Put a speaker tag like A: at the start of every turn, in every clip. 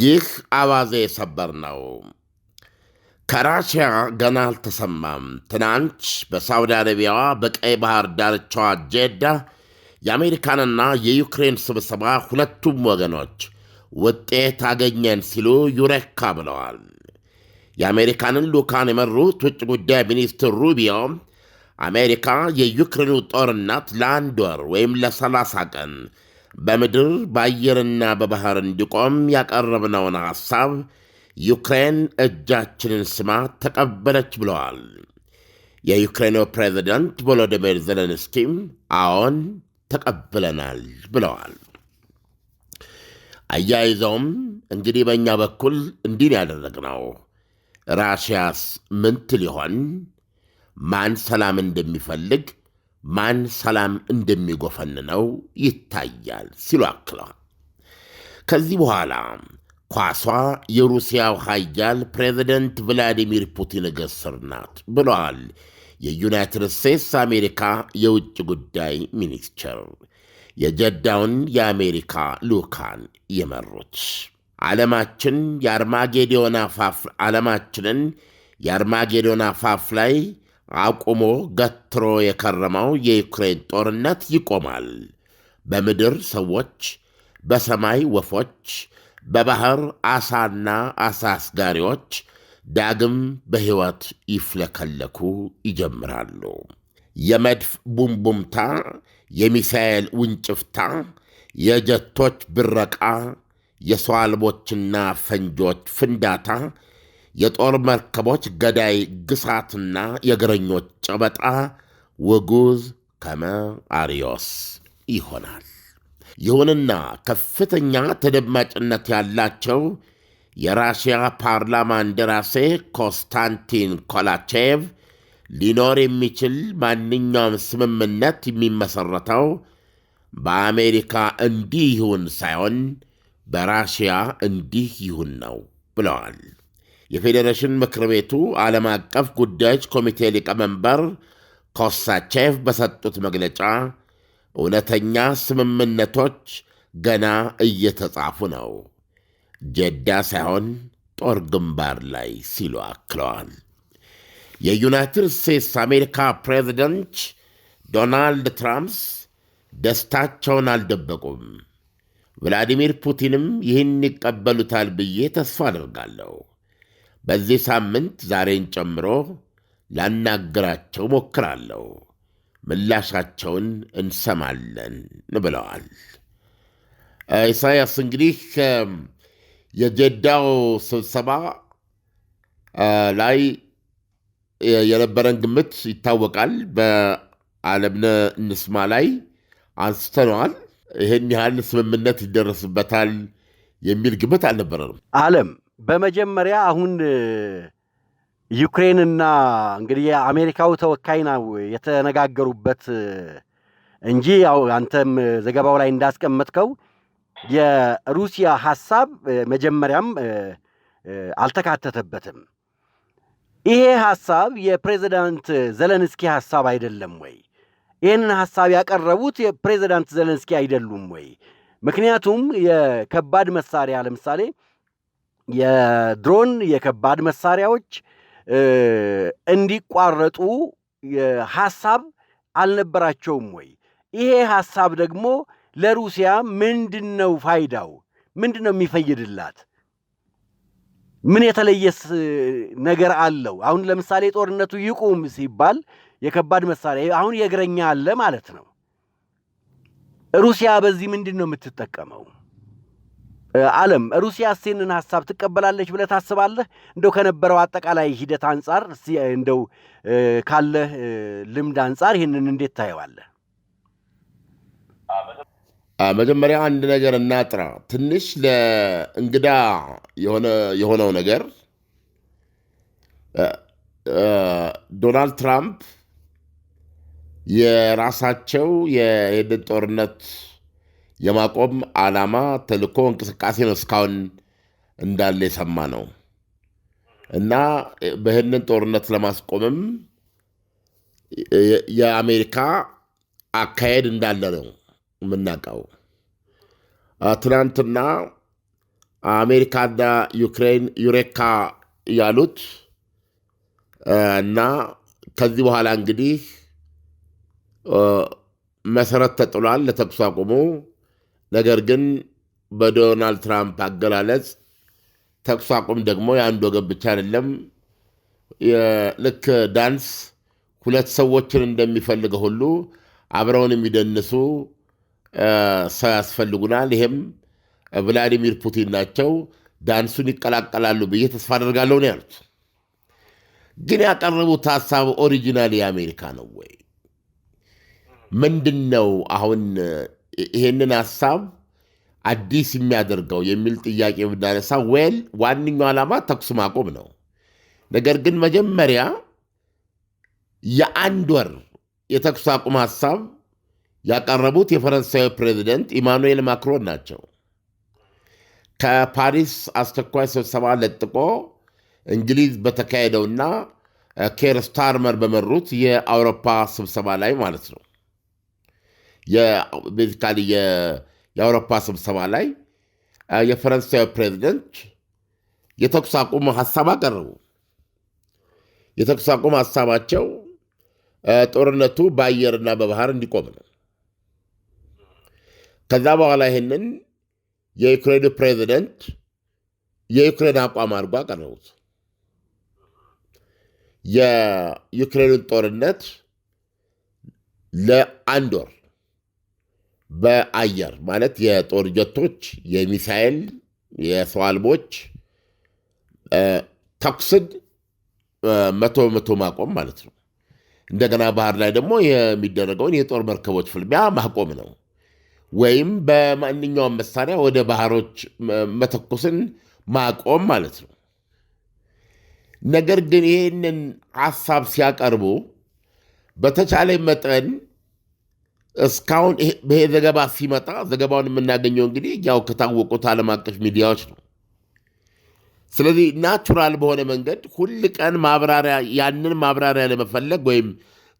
A: ይህ አዋዜ ሰበር ነው። ከራሽያ ገና አልተሰማም። ትናንች በሳውዲ አረቢያዋ በቀይ ባህር ዳርቻዋ ጄዳ የአሜሪካንና የዩክሬን ስብሰባ ሁለቱም ወገኖች ውጤት አገኘን ሲሉ ዩሬካ ብለዋል። የአሜሪካንን ልዑካን የመሩት ውጭ ጉዳይ ሚኒስትር ሩቢዮ አሜሪካ የዩክሬኑ ጦርነት ለአንድ ወር ወይም ለሰላሳ ቀን በምድር በአየርና በባሕር እንዲቆም ያቀረብነውን ሐሳብ ዩክሬን እጃችንን ስማ ተቀበለች ብለዋል። የዩክሬኑ ፕሬዚደንት ቮሎዲሚር ዜሌንስኪም አዎን ተቀብለናል ብለዋል። አያይዘውም እንግዲህ በእኛ በኩል እንዲህ ያደረግነው ራሽያስ ምንት ሊሆን ማን ሰላም እንደሚፈልግ ማን ሰላም እንደሚጎፈንነው ይታያል ሲሉ አክለዋል። ከዚህ በኋላ ኳሷ የሩሲያው ኃያል ፕሬዚደንት ቭላዲሚር ፑቲን እግር ስር ናት ብለዋል የዩናይትድ ስቴትስ አሜሪካ የውጭ ጉዳይ ሚኒስቴር የጀዳውን የአሜሪካ ልዑካን የመሩት ዓለማችን የአርማጌዲዮን አፋፍ ዓለማችንን የአርማጌዲዮን አፋፍ ላይ አቁሞ ገትሮ የከረመው የዩክሬን ጦርነት ይቆማል። በምድር ሰዎች፣ በሰማይ ወፎች፣ በባሕር አሳና አሳ አስጋሪዎች ዳግም በሕይወት ይፍለከለኩ ይጀምራሉ። የመድፍ ቡምቡምታ፣ የሚሳኤል ውንጭፍታ፣ የጀቶች ብረቃ፣ የሰው አልቦችና ፈንጆች ፍንዳታ የጦር መርከቦች ገዳይ ግሳትና የእግረኞች ጨበጣ ውጉዝ ከመ አሪዮስ ይሆናል። ይሁንና ከፍተኛ ተደማጭነት ያላቸው የራሽያ ፓርላማ እንደራሴ ኮንስታንቲን ኮላቼቭ ሊኖር የሚችል ማንኛውም ስምምነት የሚመሠረተው በአሜሪካ እንዲህ ይሁን ሳይሆን በራሽያ እንዲህ ይሁን ነው ብለዋል። የፌዴሬሽን ምክር ቤቱ ዓለም አቀፍ ጉዳዮች ኮሚቴ ሊቀመንበር ኮሳቼቭ በሰጡት መግለጫ እውነተኛ ስምምነቶች ገና እየተጻፉ ነው፣ ጀዳ ሳይሆን ጦር ግንባር ላይ ሲሉ አክለዋል። የዩናይትድ ስቴትስ አሜሪካ ፕሬዚደንት ዶናልድ ትራምፕስ ደስታቸውን አልደበቁም። ቭላዲሚር ፑቲንም ይህን ይቀበሉታል ብዬ ተስፋ አድርጋለሁ። በዚህ ሳምንት ዛሬን ጨምሮ ላናግራቸው ሞክራለሁ፣ ምላሻቸውን እንሰማለን ብለዋል። ኢሳያስ እንግዲህ የጀዳው ስብሰባ ላይ የነበረን ግምት ይታወቃል። በአለምነ እንስማ ላይ አንስተነዋል። ይህን ያህል ስምምነት ይደረስበታል የሚል ግምት አልነበረንም።
B: አለም በመጀመሪያ አሁን ዩክሬንና እንግዲህ የአሜሪካው ተወካይ ነው የተነጋገሩበት እንጂ ያው አንተም ዘገባው ላይ እንዳስቀመጥከው የሩሲያ ሀሳብ መጀመሪያም አልተካተተበትም። ይሄ ሀሳብ የፕሬዚዳንት ዘለንስኪ ሀሳብ አይደለም ወይ? ይህንን ሀሳብ ያቀረቡት የፕሬዚዳንት ዘለንስኪ አይደሉም ወይ? ምክንያቱም የከባድ መሳሪያ ለምሳሌ የድሮን የከባድ መሳሪያዎች እንዲቋረጡ ሀሳብ አልነበራቸውም ወይ? ይሄ ሀሳብ ደግሞ ለሩሲያ ምንድን ነው ፋይዳው? ምንድን ነው የሚፈይድላት? ምን የተለየስ ነገር አለው? አሁን ለምሳሌ ጦርነቱ ይቁም ሲባል የከባድ መሳሪያ አሁን የእግረኛ አለ ማለት ነው። ሩሲያ በዚህ ምንድን ነው የምትጠቀመው? ዓለም ሩሲያ ሴንን ሀሳብ ትቀበላለች ብለህ ታስባለህ? እንደው ከነበረው አጠቃላይ ሂደት አንጻር እንደው ካለህ ልምድ አንጻር ይህንን እንዴት ታየዋለህ?
A: መጀመሪያ አንድ ነገር እናጥራ። ትንሽ ለእንግዳ የሆነው ነገር ዶናልድ ትራምፕ የራሳቸው የሄደን ጦርነት የማቆም ዓላማ ተልእኮ እንቅስቃሴ ነው እስካሁን እንዳለ የሰማ ነው እና በህንን ጦርነት ለማስቆምም የአሜሪካ አካሄድ እንዳለ ነው የምናውቀው። ትናንትና አሜሪካና ዩክሬን ዩሬካ ያሉት እና ከዚህ በኋላ እንግዲህ መሰረት ተጥሏል ለተኩስ አቁሙ። ነገር ግን በዶናልድ ትራምፕ አገላለጽ ተኩስ አቁም ደግሞ የአንድ ወገን ብቻ አይደለም። ልክ ዳንስ ሁለት ሰዎችን እንደሚፈልገ ሁሉ አብረውን የሚደንሱ ሰው ያስፈልጉናል። ይሄም ቭላዲሚር ፑቲን ናቸው። ዳንሱን ይቀላቀላሉ ብዬ ተስፋ አደርጋለሁ ነው ያሉት። ግን ያቀረቡት ሀሳብ ኦሪጂናል የአሜሪካ ነው ወይ ምንድን ነው አሁን ይሄንን ሀሳብ አዲስ የሚያደርገው የሚል ጥያቄ ብናነሳ ዌል ዋነኛው ዓላማ ተኩስ ማቆም ነው። ነገር ግን መጀመሪያ የአንድ ወር የተኩስ አቁም ሀሳብ ያቀረቡት የፈረንሳዊ ፕሬዚደንት ኢማኑኤል ማክሮን ናቸው። ከፓሪስ አስቸኳይ ስብሰባ ለጥቆ እንግሊዝ በተካሄደውና ኬር ስታርመር በመሩት የአውሮፓ ስብሰባ ላይ ማለት ነው። ቤዚካሊ የአውሮፓ ስብሰባ ላይ የፈረንሳዊ ፕሬዚደንት የተኩስ አቁም ሀሳብ አቀረቡ። የተኩስ አቁም ሀሳባቸው ጦርነቱ በአየርና በባህር እንዲቆም ነው። ከዛ በኋላ ይህንን የዩክሬኑ ፕሬዚደንት የዩክሬን አቋም አድርጎ አቀረቡት። የዩክሬንን ጦርነት ለአንድ ወር በአየር ማለት የጦር ጀቶች፣ የሚሳኤል፣ የሰው አልቦች ተኩስን መቶ በመቶ ማቆም ማለት ነው። እንደገና ባህር ላይ ደግሞ የሚደረገውን የጦር መርከቦች ፍልሚያ ማቆም ነው። ወይም በማንኛውም መሳሪያ ወደ ባህሮች መተኩስን ማቆም ማለት ነው። ነገር ግን ይህንን ሀሳብ ሲያቀርቡ በተቻለ መጠን እስካሁን ይሄ ዘገባ ሲመጣ ዘገባውን የምናገኘው እንግዲህ ያው ከታወቁት ዓለም አቀፍ ሚዲያዎች ነው። ስለዚህ ናቹራል በሆነ መንገድ ሁል ቀን ማብራሪያ ያንን ማብራሪያ ለመፈለግ ወይም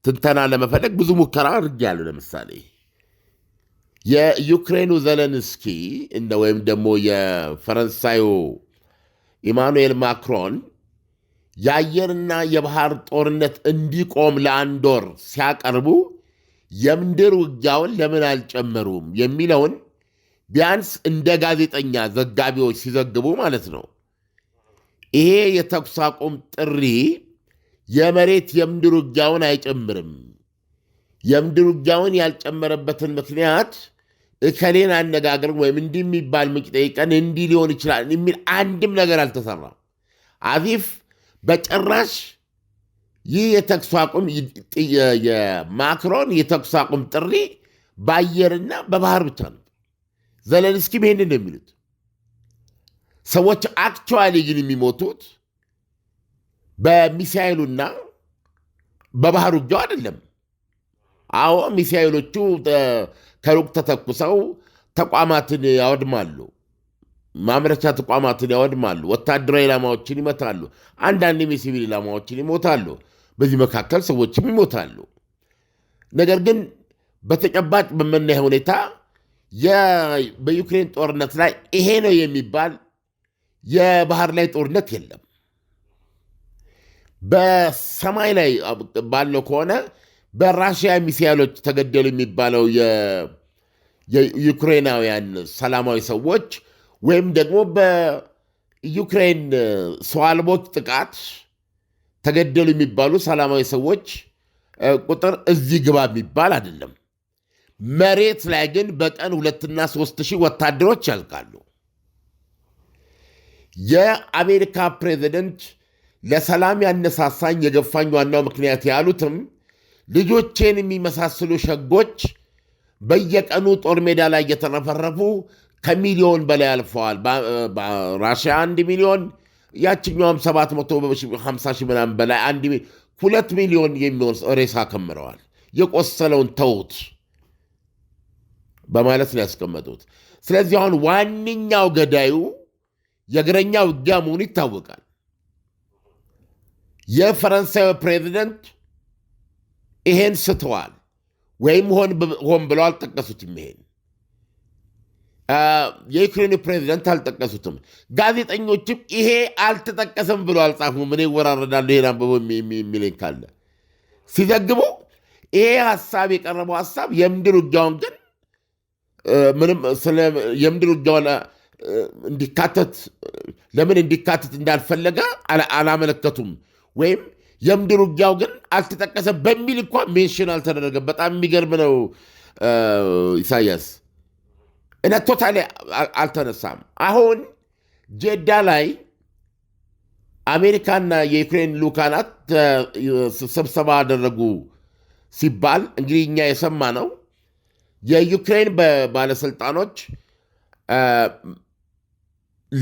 A: ትንተና ለመፈለግ ብዙ ሙከራ አድርጌያለሁ። ለምሳሌ የዩክሬኑ ዘለንስኪ ወይም ደግሞ የፈረንሳዩ ኢማኑኤል ማክሮን የአየርና የባህር ጦርነት እንዲቆም ለአንድ ወር ሲያቀርቡ የምድር ውጊያውን ለምን አልጨመሩም የሚለውን ቢያንስ እንደ ጋዜጠኛ ዘጋቢዎች ሲዘግቡ ማለት ነው። ይሄ የተኩስ አቁም ጥሪ የመሬት የምድር ውጊያውን አይጨምርም። የምድር ውጊያውን ያልጨመረበትን ምክንያት እከሌን አነጋግረን ወይም እንዲህ የሚባል ምንጭ ጠይቀን እንዲህ ሊሆን ይችላል የሚል አንድም ነገር አልተሰራም። አዚፍ በጭራሽ ይህ የተኩስ አቁም የማክሮን የተኩስ አቁም ጥሪ በአየርና በባህር ብቻ ነው። ዘለንስኪ ይሄንን ነው የሚሉት። ሰዎች አክቸዋሊ ግን የሚሞቱት በሚሳይሉና በባህር ውጊያው አይደለም። አዎ ሚሳይሎቹ ከሩቅ ተተኩሰው ተቋማትን ያወድማሉ፣ ማምረቻ ተቋማትን ያወድማሉ፣ ወታደራዊ ኢላማዎችን ይመታሉ፣ አንዳንድም የሲቪል ኢላማዎችን ይሞታሉ። በዚህ መካከል ሰዎችም ይሞታሉ። ነገር ግን በተጨባጭ በምናየው ሁኔታ በዩክሬን ጦርነት ላይ ይሄ ነው የሚባል የባህር ላይ ጦርነት የለም። በሰማይ ላይ ባለው ከሆነ በራሽያ ሚሳይሎች ተገደሉ የሚባለው የዩክሬናውያን ሰላማዊ ሰዎች ወይም ደግሞ በዩክሬን ሰው አልቦች ጥቃት ተገደሉ የሚባሉ ሰላማዊ ሰዎች ቁጥር እዚህ ግባ የሚባል አይደለም። መሬት ላይ ግን በቀን ሁለትና ሶስት ሺህ ወታደሮች ያልቃሉ። የአሜሪካ ፕሬዚደንት ለሰላም ያነሳሳኝ የገፋኝ ዋናው ምክንያት ያሉትም ልጆቼን የሚመሳስሉ ሸጎች በየቀኑ ጦር ሜዳ ላይ እየተረፈረፉ ከሚሊዮን በላይ አልፈዋል። ራሽያ አንድ ሚሊዮን ያችኛውም 750 ሺህ ምናምን በላይ አንድ ሁለት ሚሊዮን የሚሆን ሬሳ ከምረዋል። የቆሰለውን ተውት በማለት ነው ያስቀመጡት። ስለዚህ አሁን ዋነኛው ገዳዩ የእግረኛ ውጊያ መሆኑ ይታወቃል። የፈረንሳዊ ፕሬዚደንት ይሄን ስተዋል ወይም ሆን ብለው አልጠቀሱትም ይሄን የዩክሬኑ ፕሬዚደንት አልጠቀሱትም። ጋዜጠኞችም ይሄ አልተጠቀሰም ብሎ አልጻፉም። እኔ ይወራረዳሉ ይሄን አንብቦ የሚለኝ ካለ ሲዘግቡ ይሄ ሀሳብ የቀረበው ሀሳብ የምድር ውጊያውን ግን ምንም የምድር ውጊያውን እንዲካተት ለምን እንዲካተት እንዳልፈለገ አላመለከቱም ወይም የምድር ውጊያው ግን አልተጠቀሰም በሚል እንኳ ሜንሽን አልተደረገም። በጣም የሚገርም ነው ኢሳያስ እነ ቶታሊ አልተነሳም። አሁን ጄዳ ላይ አሜሪካና የዩክሬን ልኡካናት ስብሰባ አደረጉ ሲባል እንግዲህ እኛ የሰማ ነው የዩክሬን ባለስልጣኖች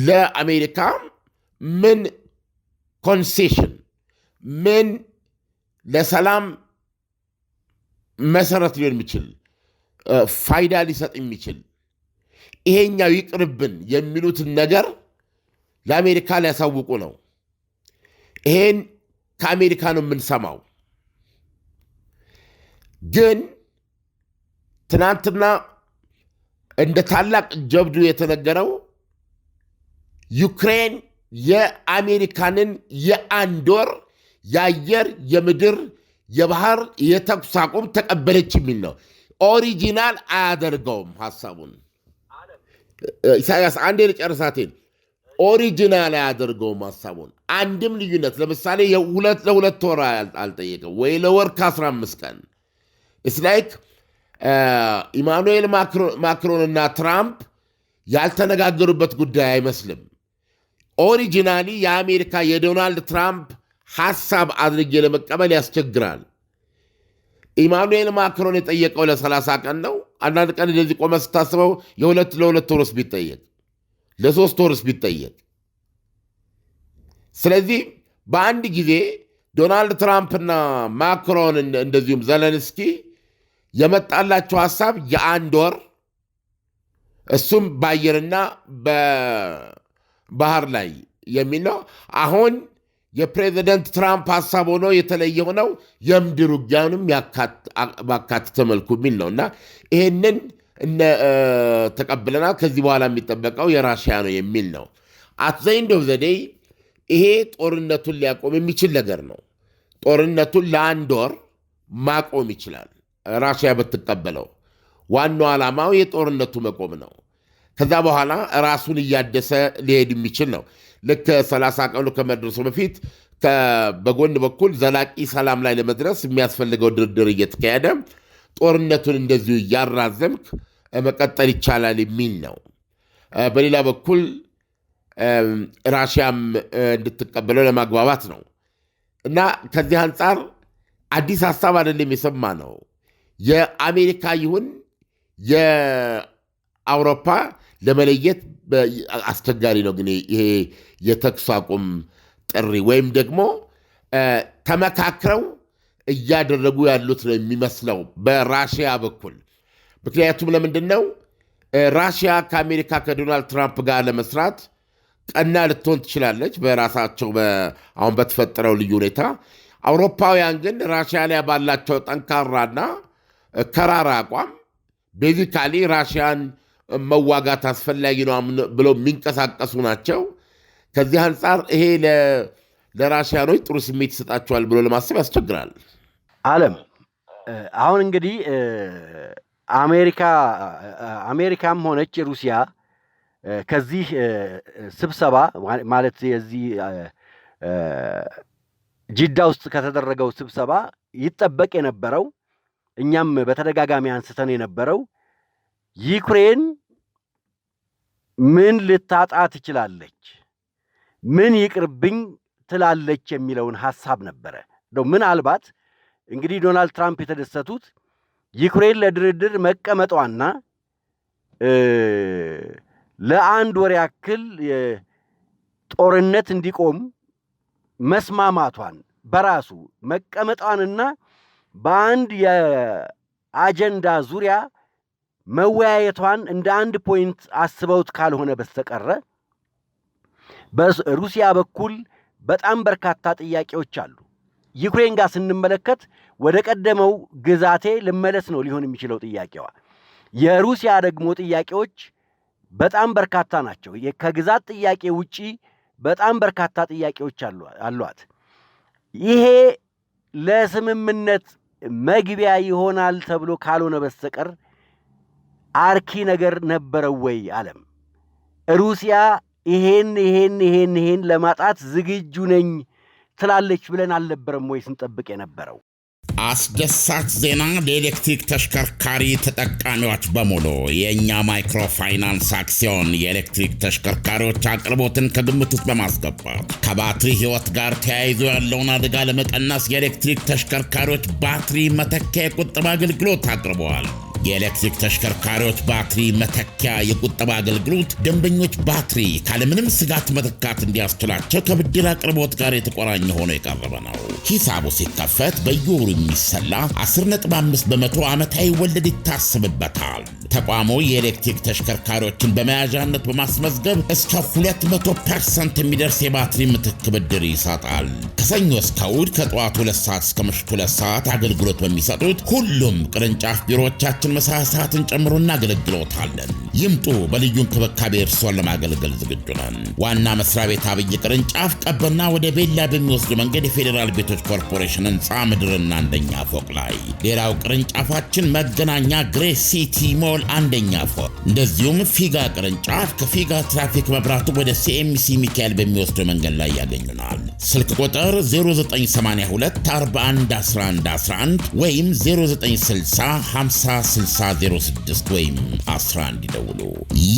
A: ለአሜሪካ ምን ኮንሴሽን ምን ለሰላም መሰረት ሊሆን የሚችል ፋይዳ ሊሰጥ የሚችል ይሄኛው ይቅርብን የሚሉትን ነገር ለአሜሪካ ሊያሳውቁ ነው። ይሄን ከአሜሪካ ነው የምንሰማው። ግን ትናንትና እንደ ታላቅ ጀብዱ የተነገረው ዩክሬን የአሜሪካንን የአንድ ወር የአየር፣ የምድር፣ የባህር የተኩስ አቁም ተቀበለች የሚል ነው። ኦሪጂናል አያደርገውም ሀሳቡን ኢሳያስ አንዴ ልጨርሳቴን ኦሪጂናል አያደርገውም ሀሳቡን አንድም ልዩነት ለምሳሌ ሁለት ለሁለት ወር አልጠየቅም ወይ ለወር ከ15 ቀን እስላይክ uh, ኢማኑኤል ማክሮን እና ትራምፕ ያልተነጋገሩበት ጉዳይ አይመስልም። ኦሪጂናሊ የአሜሪካ የዶናልድ ትራምፕ ሀሳብ አድርጌ ለመቀበል ያስቸግራል። ኢማኑኤል ማክሮን የጠየቀው ለ30 ቀን ነው። አንዳንድ ቀን እንደዚህ ቆመ ስታስበው የሁለት ለሁለት ወርስ ቢጠየቅ ለሶስት ወርስ ቢጠየቅ። ስለዚህ በአንድ ጊዜ ዶናልድ ትራምፕና ማክሮን እንደዚሁም ዘለንስኪ የመጣላቸው ሀሳብ የአንድ ወር እሱም በአየርና በባህር ላይ የሚል ነው። አሁን የፕሬዚደንት ትራምፕ ሀሳብ ሆኖ የተለየ ሆነው የምድር ውጊያንም ባካተተ መልኩ የሚል ነው እና ይህንን ተቀብለናል። ከዚህ በኋላ የሚጠበቀው የራሽያ ነው የሚል ነው። አትዘይንዶ ዘዴይ ይሄ ጦርነቱን ሊያቆም የሚችል ነገር ነው። ጦርነቱን ለአንድ ወር ማቆም ይችላል ራሽያ ብትቀበለው። ዋናው ዓላማው የጦርነቱ መቆም ነው። ከዛ በኋላ ራሱን እያደሰ ሊሄድ የሚችል ነው። ልክ 30 ቀኑ ከመድረሱ በፊት በጎን በኩል ዘላቂ ሰላም ላይ ለመድረስ የሚያስፈልገው ድርድር እየተካሄደ ጦርነቱን እንደዚሁ እያራዘምክ መቀጠል ይቻላል የሚል ነው። በሌላ በኩል ራሽያም እንድትቀበለው ለማግባባት ነው እና ከዚህ አንጻር አዲስ ሀሳብ አይደለም የሰማ ነው የአሜሪካ ይሁን የአውሮፓ ለመለየት አስቸጋሪ ነው። ግን ይሄ የተኩስ አቁም ጥሪ ወይም ደግሞ ተመካክረው እያደረጉ ያሉት ነው የሚመስለው በራሽያ በኩል። ምክንያቱም ለምንድን ነው ራሽያ ከአሜሪካ ከዶናልድ ትራምፕ ጋር ለመስራት ቀና ልትሆን ትችላለች፣ በራሳቸው አሁን በተፈጠረው ልዩ ሁኔታ። አውሮፓውያን ግን ራሽያ ላይ ባላቸው ጠንካራና ከራራ አቋም ቤዚካሊ ራሽያን መዋጋት አስፈላጊ ነው ብለው የሚንቀሳቀሱ ናቸው። ከዚህ አንጻር ይሄ ለራሽያኖች ጥሩ ስሜት ይሰጣቸዋል ብሎ ለማሰብ ያስቸግራል።
B: አለም አሁን እንግዲህ አሜሪካ አሜሪካም ሆነች ሩሲያ ከዚህ ስብሰባ ማለት የዚህ ጅዳ ውስጥ ከተደረገው ስብሰባ ይጠበቅ የነበረው እኛም በተደጋጋሚ አንስተን የነበረው ዩክሬን ምን ልታጣ ትችላለች? ምን ይቅርብኝ ትላለች? የሚለውን ሐሳብ ነበረ። እንደው ምናልባት እንግዲህ ዶናልድ ትራምፕ የተደሰቱት ዩክሬን ለድርድር መቀመጧና ለአንድ ወር ያክል ጦርነት እንዲቆም መስማማቷን በራሱ መቀመጧንና በአንድ የአጀንዳ ዙሪያ መወያየቷን እንደ አንድ ፖይንት አስበውት ካልሆነ በስተቀረ በሩሲያ በኩል በጣም በርካታ ጥያቄዎች አሉ። ዩክሬን ጋር ስንመለከት ወደ ቀደመው ግዛቴ ልመለስ ነው ሊሆን የሚችለው ጥያቄዋ። የሩሲያ ደግሞ ጥያቄዎች በጣም በርካታ ናቸው። ከግዛት ጥያቄ ውጪ በጣም በርካታ ጥያቄዎች አሏት። ይሄ ለስምምነት መግቢያ ይሆናል ተብሎ ካልሆነ በስተቀር አርኪ ነገር ነበረው ወይ አለም ሩሲያ ይሄን ይሄን ይሄን ይሄን ለማጣት ዝግጁ ነኝ ትላለች ብለን አልነበረም ወይ ስንጠብቅ የነበረው?
C: አስደሳች ዜና ለኤሌክትሪክ ተሽከርካሪ ተጠቃሚዎች በሙሉ የእኛ ማይክሮፋይናንስ አክሲዮን የኤሌክትሪክ ተሽከርካሪዎች አቅርቦትን ከግምት ውስጥ በማስገባት ከባትሪ ሕይወት ጋር ተያይዞ ያለውን አደጋ ለመቀነስ የኤሌክትሪክ ተሽከርካሪዎች ባትሪ መተኪያ የቁጠባ አገልግሎት አቅርበዋል። የኤሌክትሪክ ተሽከርካሪዎች ባትሪ መተኪያ የቁጠባ አገልግሎት ደንበኞች ባትሪ ካለምንም ስጋት መተካት እንዲያስችላቸው ከብድር አቅርቦት ጋር የተቆራኘ ሆኖ የቀረበ ነው። ሂሳቡ ሲከፈት በየወሩ የሚሰላ 15 በመቶ ዓመታዊ ወለድ ይታሰብበታል። ተቋሙ የኤሌክትሪክ ተሽከርካሪዎችን በመያዣነት በማስመዝገብ እስከ 200 ፐርሰንት የሚደርስ የባትሪ ምትክ ብድር ይሰጣል። ከሰኞ እስከ እሑድ ከጠዋቱ 2 ሰዓት እስከ ምሽቱ 2 ሰዓት አገልግሎት በሚሰጡት ሁሉም ቅርንጫፍ ቢሮዎቻችን መሳ ሰዓትን ጨምሮ እናገለግሎታለን። ይምጡ፣ በልዩ እንክብካቤ እርስዎን ለማገልገል ዝግጁ ነን። ዋና መስሪያ ቤት አብይ ቅርንጫፍ ቀበና ወደ ቤላ በሚወስዱ መንገድ የፌዴራል ቤቶች ኮርፖሬሽን ህንፃ ምድርና አንደኛ ፎቅ ላይ፣ ሌላው ቅርንጫፋችን መገናኛ ግሬ ሲቲ ሞል አንደኛ ፎቅ፣ እንደዚሁም ፊጋ ቅርንጫፍ ከፊጋ ትራፊክ መብራቱ ወደ ሲኤምሲ ሚካኤል በሚወስደው መንገድ ላይ ያገኙናል። ስልክ ቁጥር 0982411111 ወይም 0960506006 ወይም 11 ይደውሉ።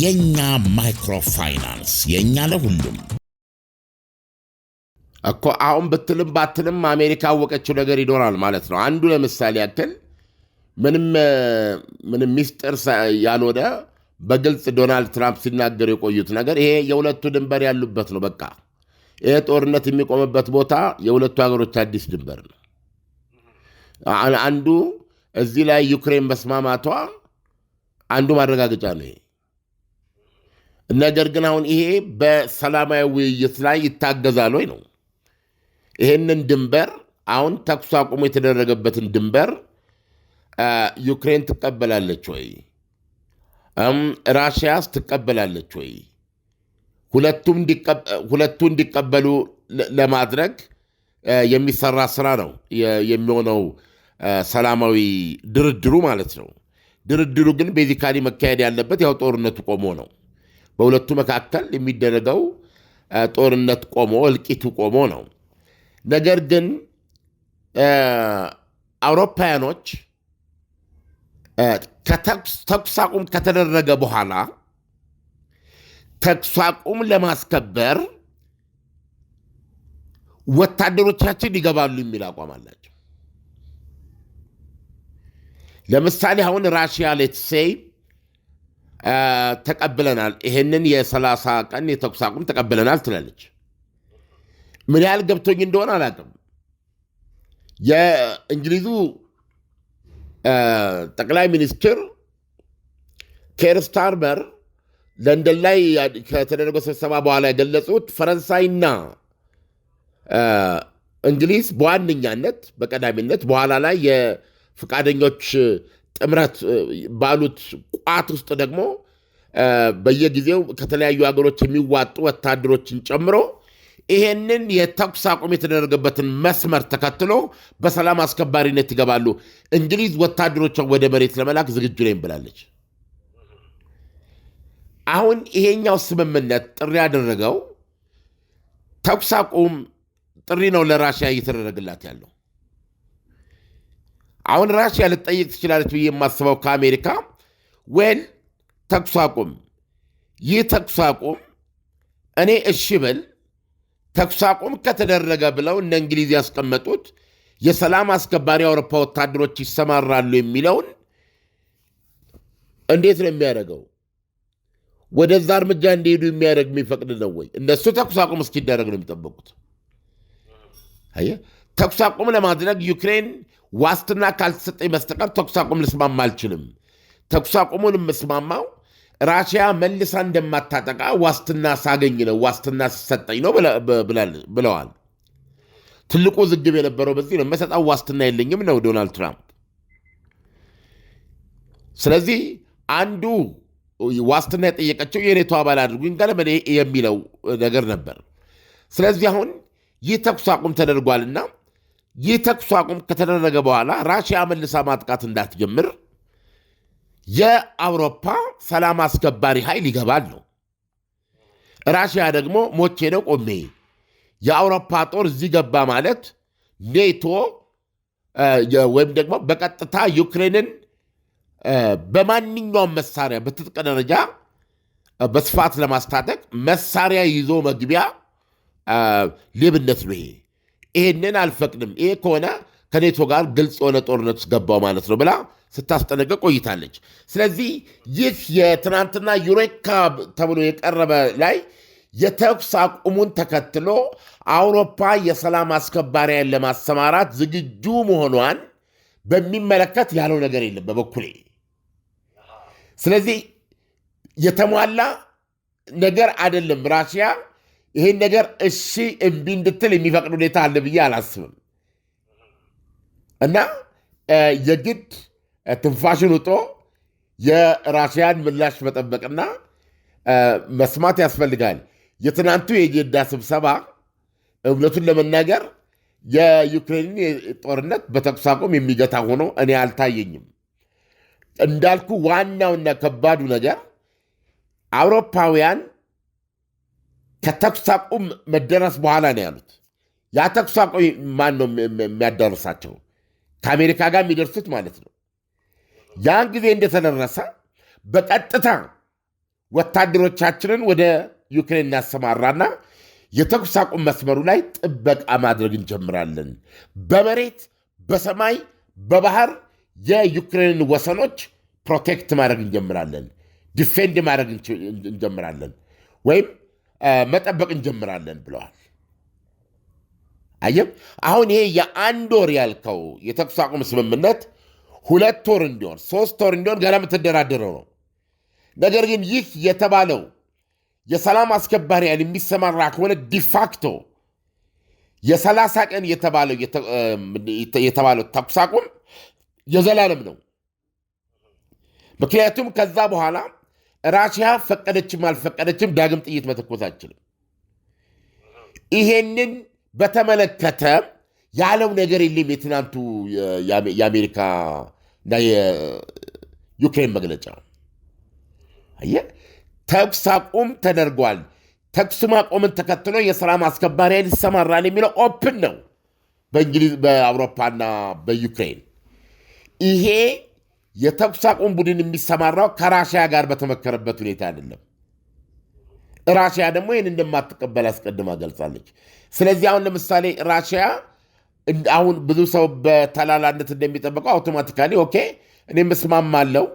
C: የእኛ ማይክሮፋይናንስ የእኛ ለሁሉም
B: እኮ አሁን ብትልም ባትልም አሜሪካ ያወቀችው ነገር ይኖራል ማለት ነው። አንዱ ለምሳሌ ያክል ምንም ሚስጥር ያልሆነ በግልጽ ዶናልድ ትራምፕ ሲናገሩ የቆዩት ነገር ይሄ የሁለቱ ድንበር ያሉበት ነው። በቃ ይሄ ጦርነት የሚቆምበት ቦታ የሁለቱ ሀገሮች አዲስ ድንበር ነው። አንዱ እዚህ ላይ ዩክሬን መስማማቷ አንዱ ማረጋገጫ ነው ይሄ ነገር ግን አሁን ይሄ በሰላማዊ ውይይት ላይ ይታገዛል ወይ ነው ይህንን ድንበር አሁን ተኩስ አቁሞ የተደረገበትን ድንበር ዩክሬን ትቀበላለች ወይ? ራሽያስ ትቀበላለች ወይ? ሁለቱ እንዲቀበሉ ለማድረግ የሚሰራ ስራ ነው የሚሆነው ሰላማዊ ድርድሩ ማለት ነው። ድርድሩ ግን ቤዚካሊ መካሄድ ያለበት ያው ጦርነቱ ቆሞ ነው። በሁለቱ መካከል የሚደረገው ጦርነት ቆሞ እልቂቱ ቆሞ ነው። ነገር ግን አውሮፓውያኖች ተኩስ አቁም ከተደረገ በኋላ ተኩስ አቁም ለማስከበር ወታደሮቻችን ይገባሉ የሚል አቋም አላቸው። ለምሳሌ አሁን ራሽያ ሌትሴይ ተቀብለናል፣ ይህንን የሰላሳ ቀን የተኩስ አቁም ተቀብለናል ትላለች። ምን ያህል ገብቶኝ እንደሆነ አላውቅም። የእንግሊዙ ጠቅላይ ሚኒስትር ኬር ስታርመር ለንደን ላይ ከተደረገው ስብሰባ በኋላ የገለጹት ፈረንሳይና እንግሊዝ በዋነኛነት በቀዳሚነት በኋላ ላይ የፈቃደኞች ጥምረት ባሉት ቋት ውስጥ ደግሞ በየጊዜው ከተለያዩ ሀገሮች የሚዋጡ ወታደሮችን ጨምሮ ይሄንን የተኩስ አቁም የተደረገበትን መስመር ተከትሎ በሰላም አስከባሪነት ይገባሉ። እንግሊዝ ወታደሮቿን ወደ መሬት ለመላክ ዝግጁ ነኝ ብላለች። አሁን ይሄኛው ስምምነት ጥሪ ያደረገው ተኩስ አቁም ጥሪ ነው ለራሽያ እየተደረገላት ያለው። አሁን ራሽያ ልትጠይቅ ትችላለች ብዬ የማስበው ከአሜሪካ ወል ተኩስ አቁም ይህ ተኩስ አቁም እኔ እሺ ብል ተኩስ አቁም ከተደረገ ብለው እነ እንግሊዝ ያስቀመጡት የሰላም አስከባሪ አውሮፓ ወታደሮች ይሰማራሉ የሚለውን እንዴት ነው የሚያደርገው? ወደዛ እርምጃ እንዲሄዱ የሚያደርግ የሚፈቅድ ነው ወይ? እነሱ ተኩስ አቁም እስኪደረግ ነው የሚጠበቁት። ተኩስ አቁም ለማድረግ ዩክሬን ዋስትና ካልተሰጠኝ በስተቀር ተኩስ አቁም ልስማማ አልችልም። ተኩስ አቁሙን የምስማማው ራሽያ መልሳ እንደማታጠቃ ዋስትና ሳገኝ ነው ዋስትና ሲሰጠኝ ነው ብለዋል። ትልቁ ዝግብ የነበረው በዚህ ነው። መሰጣው ዋስትና የለኝም ነው ዶናልድ ትራምፕ። ስለዚህ አንዱ ዋስትና የጠየቀችው የኔቶ አባል አድርጉኝ ገለመኔ የሚለው ነገር ነበር። ስለዚህ አሁን ይህ ተኩስ አቁም ተደርጓልና ይህ ተኩስ አቁም ከተደረገ በኋላ ራሽያ መልሳ ማጥቃት እንዳትጀምር የአውሮፓ ሰላም አስከባሪ ኃይል ይገባል ነው። ራሽያ ደግሞ ሞቼ ነው ቆሜ። የአውሮፓ ጦር እዚህ ገባ ማለት ኔቶ ወይም ደግሞ በቀጥታ ዩክሬንን በማንኛውም መሳሪያ በትጥቅ ደረጃ በስፋት ለማስታጠቅ መሳሪያ ይዞ መግቢያ ሌብነት ነው። ይሄ ይሄንን አልፈቅድም። ይሄ ከሆነ ከኔቶ ጋር ግልጽ የሆነ ጦርነት ውስጥ ገባው ማለት ነው ብላ ስታስጠነቀቅ ቆይታለች። ስለዚህ ይህ የትናንትና ዩሬካ ተብሎ የቀረበ ላይ የተኩስ አቁሙን ተከትሎ አውሮፓ የሰላም አስከባሪያን ለማሰማራት ዝግጁ መሆኗን በሚመለከት ያለው ነገር የለም በበኩሌ። ስለዚህ የተሟላ ነገር አይደለም። ራሽያ ይህን ነገር እሺ እምቢ እንድትል የሚፈቅድ ሁኔታ አለ ብዬ አላስብም እና የግድ ትንፋሽን ውጦ የራሽያን ምላሽ መጠበቅና መስማት ያስፈልጋል። የትናንቱ የጄዳ ስብሰባ እውነቱን ለመናገር የዩክሬንን ጦርነት በተኩስ አቁም የሚገታ ሆኖ እኔ አልታየኝም። እንዳልኩ ዋናውና ከባዱ ነገር አውሮፓውያን ከተኩስ አቁም መደረስ በኋላ ነው ያሉት። ያ ተኩስ አቁም ማን ነው የሚያዳርሳቸው? ከአሜሪካ ጋር የሚደርሱት ማለት ነው። ያን ጊዜ እንደተደረሰ በቀጥታ ወታደሮቻችንን ወደ ዩክሬን እናሰማራና የተኩስ አቁም መስመሩ ላይ ጥበቃ ማድረግ እንጀምራለን። በመሬት በሰማይ በባህር የዩክሬንን ወሰኖች ፕሮቴክት ማድረግ እንጀምራለን። ዲፌንድ ማድረግ እንጀምራለን ወይም መጠበቅ እንጀምራለን ብለዋል። አየም አሁን ይሄ የአንድ ወር ያልከው የተኩስ አቁም ስምምነት ሁለት ወር እንዲሆን ሶስት ወር እንዲሆን ገና የምትደራደረው ነው። ነገር ግን ይህ የተባለው የሰላም አስከባሪ ኃይል የሚሰማራ ከሆነ ዲፋክቶ የሰላሳ ቀን የተባለው ተኩስ አቁም የዘላለም ነው። ምክንያቱም ከዛ በኋላ ራሽያ ፈቀደችም አልፈቀደችም ዳግም ጥይት መተኮስ አይችልም። ይሄንን በተመለከተ ያለው ነገር የለም። የትናንቱ የአሜሪካ እና የዩክሬን መግለጫ አየህ፣ ተኩስ አቁም ተደርጓል። ተኩስ ማቆምን ተከትሎ የሰላም አስከባሪ ኃይል ይሰማራል የሚለው ኦፕን ነው በእንግሊዝ በአውሮፓና በዩክሬን ይሄ የተኩስ አቁም ቡድን የሚሰማራው ከራሽያ ጋር በተመከረበት ሁኔታ አይደለም። ራሽያ ደግሞ ይህን እንደማትቀበል አስቀድማ ገልጻለች። ስለዚህ አሁን ለምሳሌ ራሽያ አሁን ብዙ ሰው በተላላነት እንደሚጠበቀው አውቶማቲካሊ ኦኬ እኔ ምስማማለው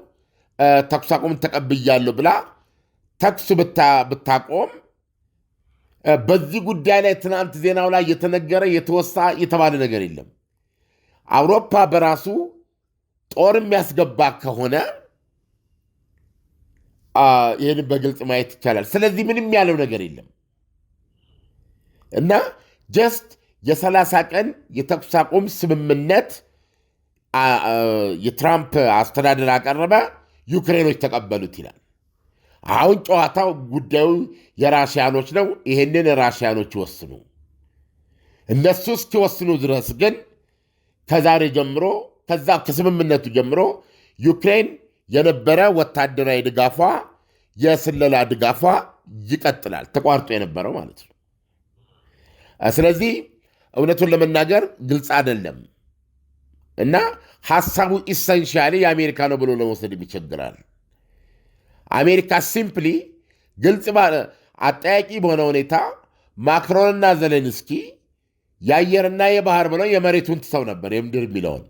B: ተኩስ አቁም ተቀብያለሁ ብላ ተኩስ ብታቆም በዚህ ጉዳይ ላይ ትናንት ዜናው ላይ የተነገረ የተወሳ የተባለ ነገር የለም። አውሮፓ በራሱ ጦር የሚያስገባ ከሆነ ይህን በግልጽ ማየት ይቻላል። ስለዚህ ምንም ያለው ነገር የለም እና ጀስት የሰላሳ ቀን የተኩስ አቁም ስምምነት የትራምፕ አስተዳደር አቀረበ፣ ዩክሬኖች ተቀበሉት ይላል። አሁን ጨዋታው ጉዳዩ የራሽያኖች ነው። ይህንን ራሽያኖች ይወስኑ። እነሱ እስኪወስኑ ድረስ ግን ከዛሬ ጀምሮ ከዛ ከስምምነቱ ጀምሮ ዩክሬን የነበረ ወታደራዊ ድጋፏ፣ የስለላ ድጋፏ ይቀጥላል። ተቋርጦ የነበረው ማለት ነው። ስለዚህ እውነቱን ለመናገር ግልጽ አይደለም እና ሀሳቡ ኢሰንሻሊ የአሜሪካ ነው ብሎ ለመውሰድ ይቸግራል። አሜሪካ ሲምፕሊ ግልጽ አጠያቂ በሆነ ሁኔታ ማክሮንና ዘለንስኪ የአየርና የባህር ብለው የመሬቱን ትተው ነበር የምድር የሚለውን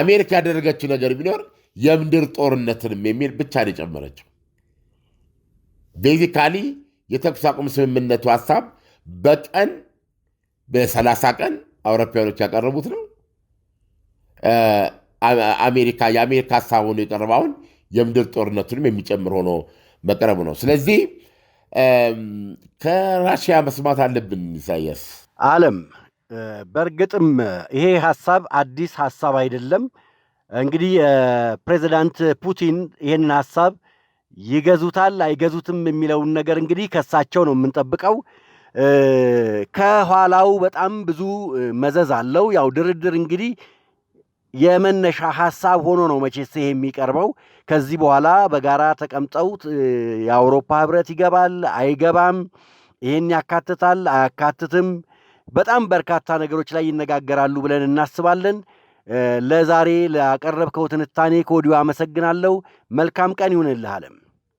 B: አሜሪካ ያደረገችው ነገር ቢኖር የምድር ጦርነትንም የሚል ብቻ ነው የጨመረችው። ቤዚካሊ የተኩስ አቁም ስምምነቱ ሀሳብ በቀን በሰላሳ ቀን አውሮፓውያኖች ያቀረቡት ነው። አሜሪካ የአሜሪካ ሀሳብ ሆኖ የቀረበውን የምድር ጦርነቱንም የሚጨምር ሆኖ መቅረቡ ነው። ስለዚህ ከራሽያ መስማት አለብን። ኢሳያስ አለም፣ በእርግጥም ይሄ ሀሳብ አዲስ ሀሳብ አይደለም። እንግዲህ ፕሬዚዳንት ፑቲን ይህንን ሀሳብ ይገዙታል አይገዙትም የሚለውን ነገር እንግዲህ ከሳቸው ነው የምንጠብቀው። ከኋላው በጣም ብዙ መዘዝ አለው። ያው ድርድር እንግዲህ የመነሻ ሀሳብ ሆኖ ነው መቼስ ይሄ የሚቀርበው። ከዚህ በኋላ በጋራ ተቀምጠው የአውሮፓ ህብረት ይገባል አይገባም፣ ይህን ያካትታል አያካትትም፣ በጣም በርካታ ነገሮች ላይ ይነጋገራሉ ብለን እናስባለን። ለዛሬ ላቀረብከው ትንታኔ ከወዲሁ አመሰግናለሁ። መልካም ቀን ይሁንልህ አለም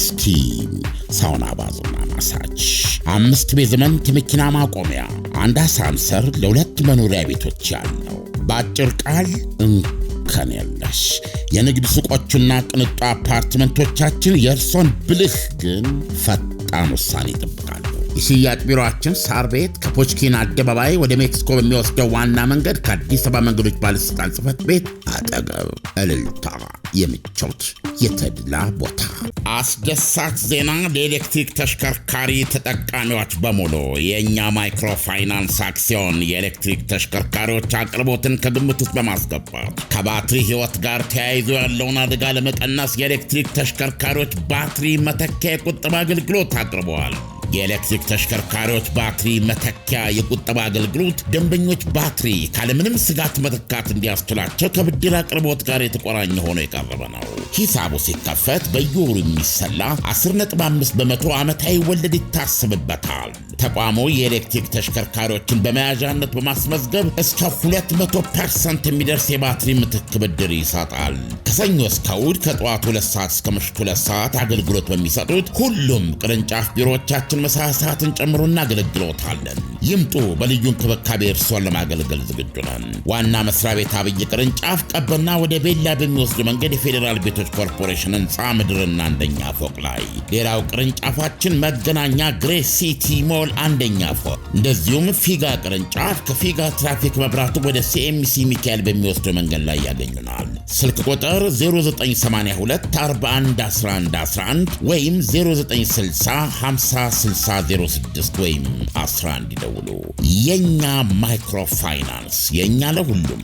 D: ስቲም፣ ሳውና፣ ባዞና ማሳጅ፣ አምስት ቤዝመንት መኪና ማቆሚያ፣ አንድ አሳንሰር ለሁለት መኖሪያ ቤቶች ያለው በአጭር ቃል እንከን የለሽ የንግድ ሱቆቹና ቅንጡ አፓርትመንቶቻችን የእርሶን ብልህ ግን ፈጣን ውሳኔ ይጠብቃሉ። የሽያጭ ቢሮችን ሳር ቤት ከፖችኪን አደባባይ ወደ ሜክሲኮ በሚወስደው ዋና መንገድ ከአዲስ አበባ መንገዶች ባለሥልጣን ጽፈት ቤት አጠገብ እልልታ የምቾት የተድላ ቦታ።
C: አስደሳች ዜና ለኤሌክትሪክ ተሽከርካሪ ተጠቃሚዎች በሙሉ የእኛ ማይክሮፋይናንስ አክሲዮን የኤሌክትሪክ ተሽከርካሪዎች አቅርቦትን ከግምት ውስጥ በማስገባት ከባትሪ ሕይወት ጋር ተያይዞ ያለውን አደጋ ለመቀነስ የኤሌክትሪክ ተሽከርካሪዎች ባትሪ መተኪያ የቁጥብ አገልግሎት አቅርበዋል። የኤሌክትሪክ ተሽከርካሪዎች ባትሪ መተኪያ የቁጠባ አገልግሎት ደንበኞች ባትሪ ካለምንም ስጋት መተካት እንዲያስችላቸው ከብድር አቅርቦት ጋር የተቆራኘ ሆኖ የቀረበ ነው። ሂሳቡ ሲከፈት በየወሩ የሚሰላ 10.5 በመቶ ዓመታዊ ወለድ ይታሰብበታል። ተቋሙ የኤሌክትሪክ ተሽከርካሪዎችን በመያዣነት በማስመዝገብ እስከ 200 ፐርሰንት የሚደርስ የባትሪ ምትክ ብድር ይሰጣል። ከሰኞ እስከ ውድ ከጠዋቱ 2 ሰዓት እስከ ምሽቱ 2 ሰዓት አገልግሎት በሚሰጡት ሁሉም ቅርንጫፍ ቢሮዎቻችን መሳሳትን ሰዓትን ጨምሮ እናገለግሎታለን። ይምጡ፣ በልዩ እንክብካቤ እርስዎን ለማገልገል ዝግጁ ነን። ዋና መስሪያ ቤት አብይ ቅርንጫፍ ቀበና ወደ ቤላ በሚወስዱ መንገድ የፌዴራል ቤቶች ኮርፖሬሽን ህንፃ ምድርና አንደኛ ፎቅ ላይ ሌላው ቅርንጫፋችን መገናኛ ግሬ ሲቲ ሞል ክፍል አንደኛ ፎቅ እንደዚሁም ፊጋ ቅርንጫፍ ከፊጋ ትራፊክ መብራቱ ወደ ሲኤምሲ ሚካኤል በሚወስደው መንገድ ላይ ያገኙናል። ስልክ ቁጥር 0982411111 ወይም 0960506006 ወይም 11 ይደውሉ። የእኛ ማይክሮፋይናንስ የእኛ ለሁሉም